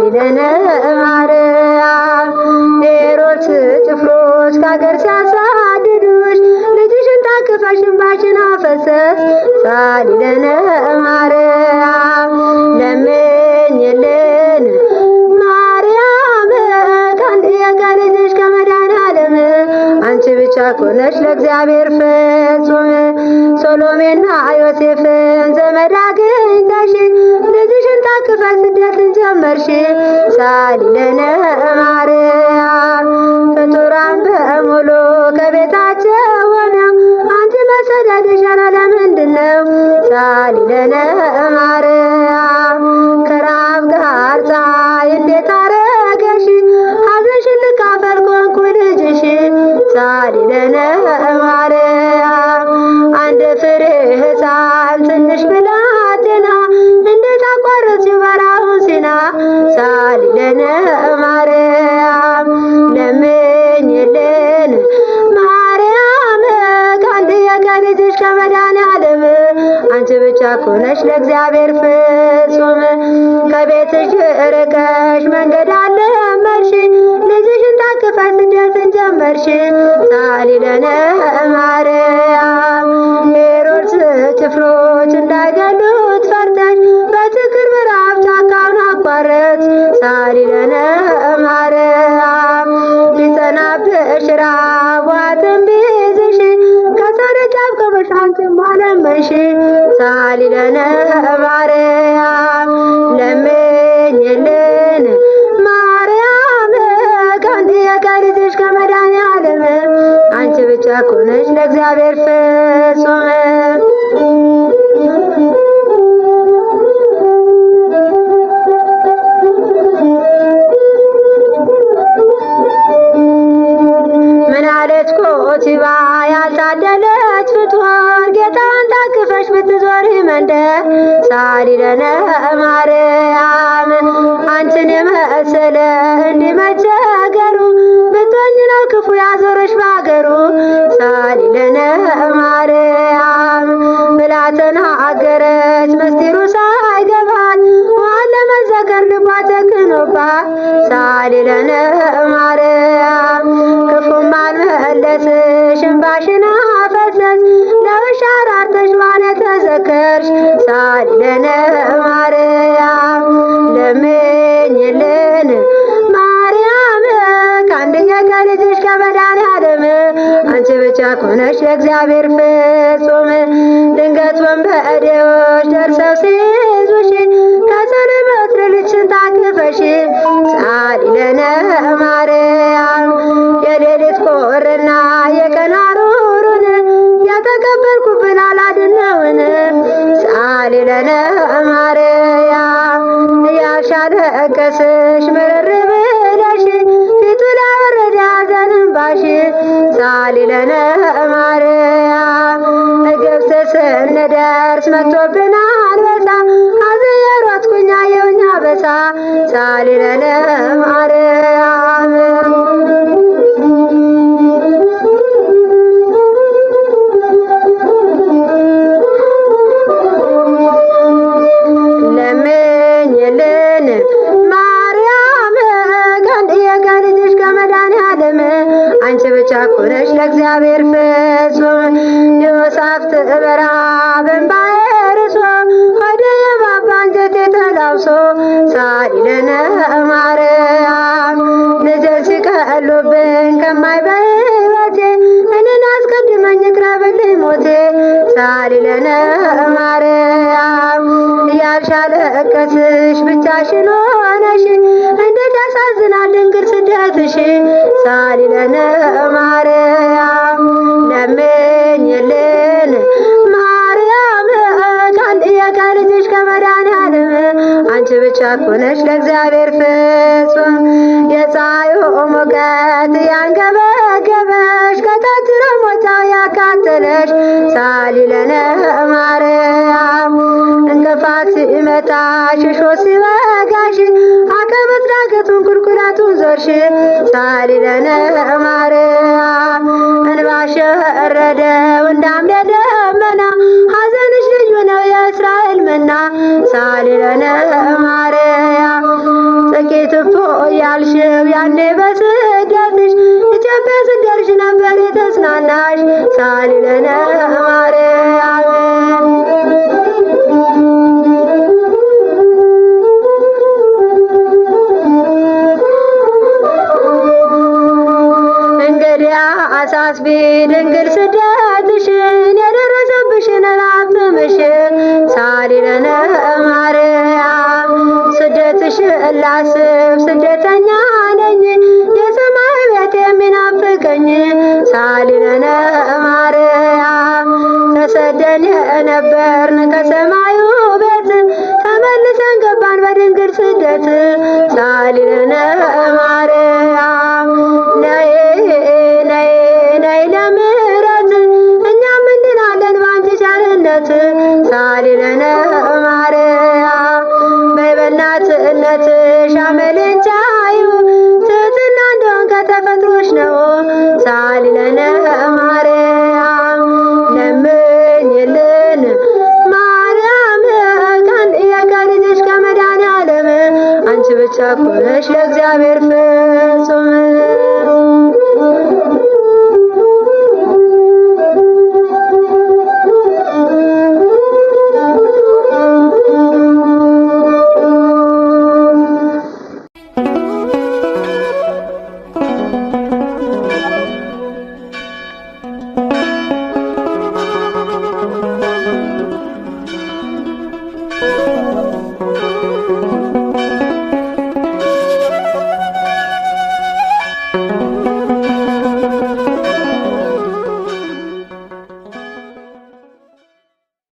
ሊለነ ማርያም ሄሮድስ ጭፍሮች ከአገር ሲያሳድዱሽ ልጅሽን ታቅፈሽ እንባሽን አፈሰስ ሳሊለነ ማርያም ለምኝልን ማርያም ከአንድያ ከልጅሽ ከመድኃኔዓለም አንቺ ብቻ ኮነሽ ለእግዚአብሔር ፍጹም ሶሎሜና ዮሴፍን ዘመድ አግኝተሽ ልጅሽን ታቅፈሽ ነበርሽ ሳሊለነ ማርያም ፍጡራን በሙሉ ከቤታቸው ሆነው አንቺ መሰደድሽ አላለምንድን ነው? ሳሊለነ ቸኩለሽ ለእግዚአብሔር ፍጹም ከቤትሽ ርቀሽ መንገድ አለመርሽ ልጅሽን ታቅፈሽ ስደትን ጀመርሽ። ሳሊለነ ማርያም ሄሮድስ ጭፍሮች እንዳይገሉት ፈርተሽ በትክር ምዕራፍ ጫካውን አቋረጥሽ። ሳሊለነ ማርያም ሊጸናብሽ ራቧትን ቢዝሽ ከሰረጫብ ከበሻንትን አለመሽ ሳሊለነ ማርያም ለምኝልን ማርያም ከአንድ የቃል ልጅሽ ከመድኃኒዓለም አንቺ ብቻ እኮ ለእግዚአብሔር ፍጹም ቲባ ሳሊለነ ማርያም አንቺን የመሰለ እንዲመቸ አገሩ ብትሆኝ ነው ክፉ ያዞረሽ ባገሩ ሳሊለነ ማርያም ብላ ተናገረች መስጢሩ ሳይገባት ዋን ለመዘከር ልቧ ተክኖባት ሳሊለነ ማርያም ክፉም አልመለስም መከርሽ ሳለነ ማርያም ለምኝልን ማርያም ከአንደኛ ከልጅሽ ከመድኃኒዓለም አንቺ ብቻ ከሆነሽ የእግዚአብሔር ፍጹም ድንገት ወንበዴዎች ደርሰው ሲ ለብሶ ሳሊለነ ማርያም ንዘዝከ አሉብን ከማይበቴ እኔን አስቀድመኝ ትራበልኝ ሞቴ ሳሊለነ ማርያም ያልሻለ ብቻሽን ሆነሽ እንዴት ያሳዝናል ድንግል ስደትሽ ሳሊለነ ማርያም ቅርጫት ሆነች ለእግዚአብሔር ፍጹም የፀሐዩ ሙቀት ያንገበገበሽ ከታትረ ሞታ ያካተለሽ ሳሊለነ ማርያም እንቅፋት ሲመታሽ ሾ ሲወጋሽ አቀበት ዳገቱን ቁልቁላቱን ዞርሽ ሳሊለነ ማርያም እንባሽ ወረደ በስደትሽ ኢትዮጵያ ስደርሽ ነበር የተጽናናሽ ሳሊ ማርያም እንግዲያ አሳስቢ ድንግል ውበትሽ አመልንቻ እዩ ትትና እንደሆን ከተፈጥሮች ነው። ሳሊለነ ማርያም ለምኝልን ማርያም ከልጅሽ ከመድኃኔ ዓለም አንቺ ብቻ እኮ ለእግዚአብሔር ፍጹም